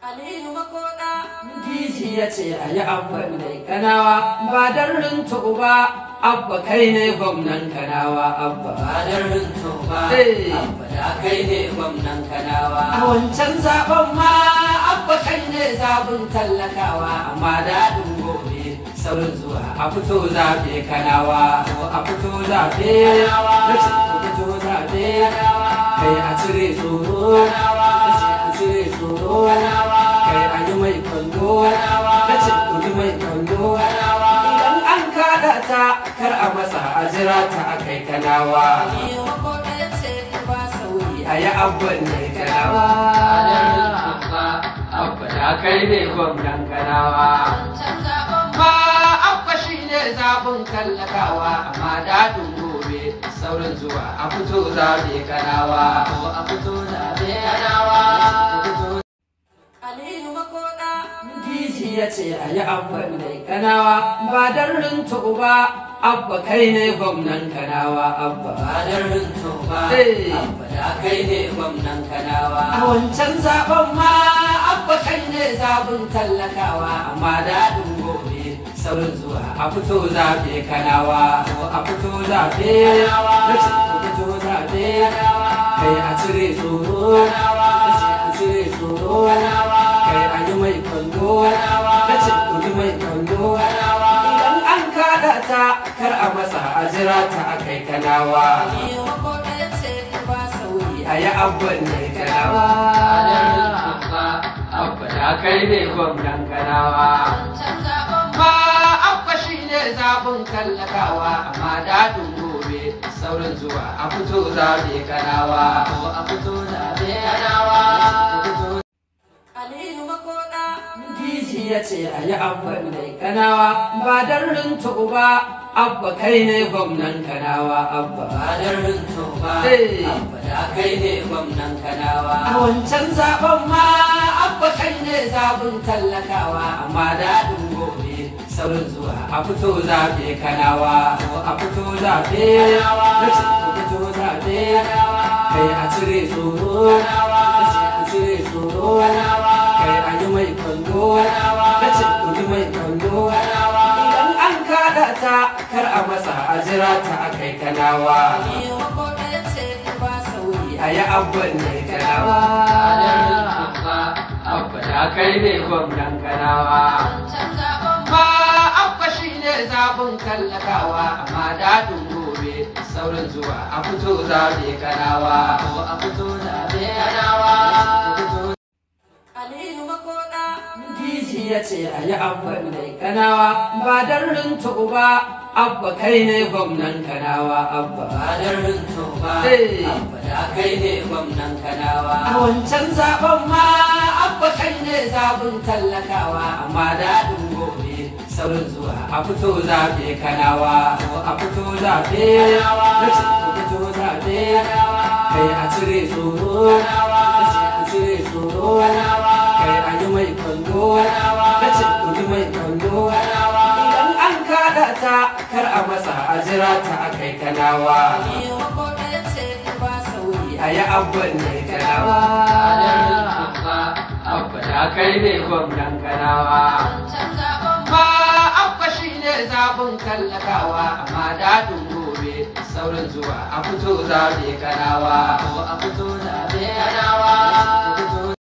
Aliyu makoda. Diji ya ce a yi abban mai kanawa ba don rinto ba abba kai ne gwamnan kanawa abba. Ba don rinto ba eh. abba da kai ne gwamnan kanawa. A wancan zaben ma abba kai ne zabin tallakawa amma daɗin gobe saurin zuwa a fito zaɓe kanawa a fito zaɓe a fito zaɓe kai a cire tsoro a cire tsoro ta kar a masa a jira ta a kai kanawa a yi abban ne kanawa abba da kai ne gwamnan kanawa ba abba shi ne zaɓin tallakawa amma dadin gobe saurin zuwa a fito zaɓe kanawa a fito zaɓe kanawa yace ce a yi abban dai kanawa ba rinto ba abba kai ne gwamnan kanawa abba ba rinto ba eh. abba da kai ne gwamnan kanawa a wancan zaben ma abba kai ne zabin tallakawa amma daɗin gobe saurin zuwa a fito zaɓe kanawa a fito zaɓe kanawa a fito zaɓe kai a cire tsoro kar a masa a jira ta a kai kanawa a yi abban ne kanawa abba da kai ne gwamnan kanawa ba abba shi ne zaɓin tallakawa amma daɗin gobe saurin zuwa a fito zaɓe kanawa a fito zaɓe kanawa Aliyu makoda, Giji ya ce a yi amfani da kanawa ba don rintu ba abba kai ne gwamnan kanawa abba ranar rinto ba abba da kai ne gwamnan kanawa a wancan zaben ma abba kai ne zabin tallakawa amma daɗin gobe saurin zuwa a fito zaɓe kanawa a fito zaɓe a fito zaɓe kai a cire tsoro a cire tsoro kai a yi mai kwallo a ce mai sa ajira ta akai kanawa a yi abban ne kanawa abba da kai ne gwamnan kanawa ba abba shi ne zaɓin kallakawa amma dadin gobe saurin zuwa a fito zaɓe kanawa a fito zaɓe kanawa Aliyu ya ce a yi amfani da kanawa ba don rintu ba abba kai ne gwamnan kanawa abba rinto ba abba da kai ne gwamnan kanawa a wancan zaben ma abba kai ne zabin tallakawa amma da daɗin gobe saurin zuwa a fito zaɓe kanawa a fito zaɓe a fito zaɓe kai a cire tsoro a cire tsoro kai a yi mai kwallo a ce mai kwallo ta kar a masa a jira ta a kai kanawa a yi abban ne kanawa abba da kai ne gwamnan kanawa ba abba shi ne zaɓin kallakawa amma dadin gobe sauran zuwa a fito zaɓe kanawa a fito za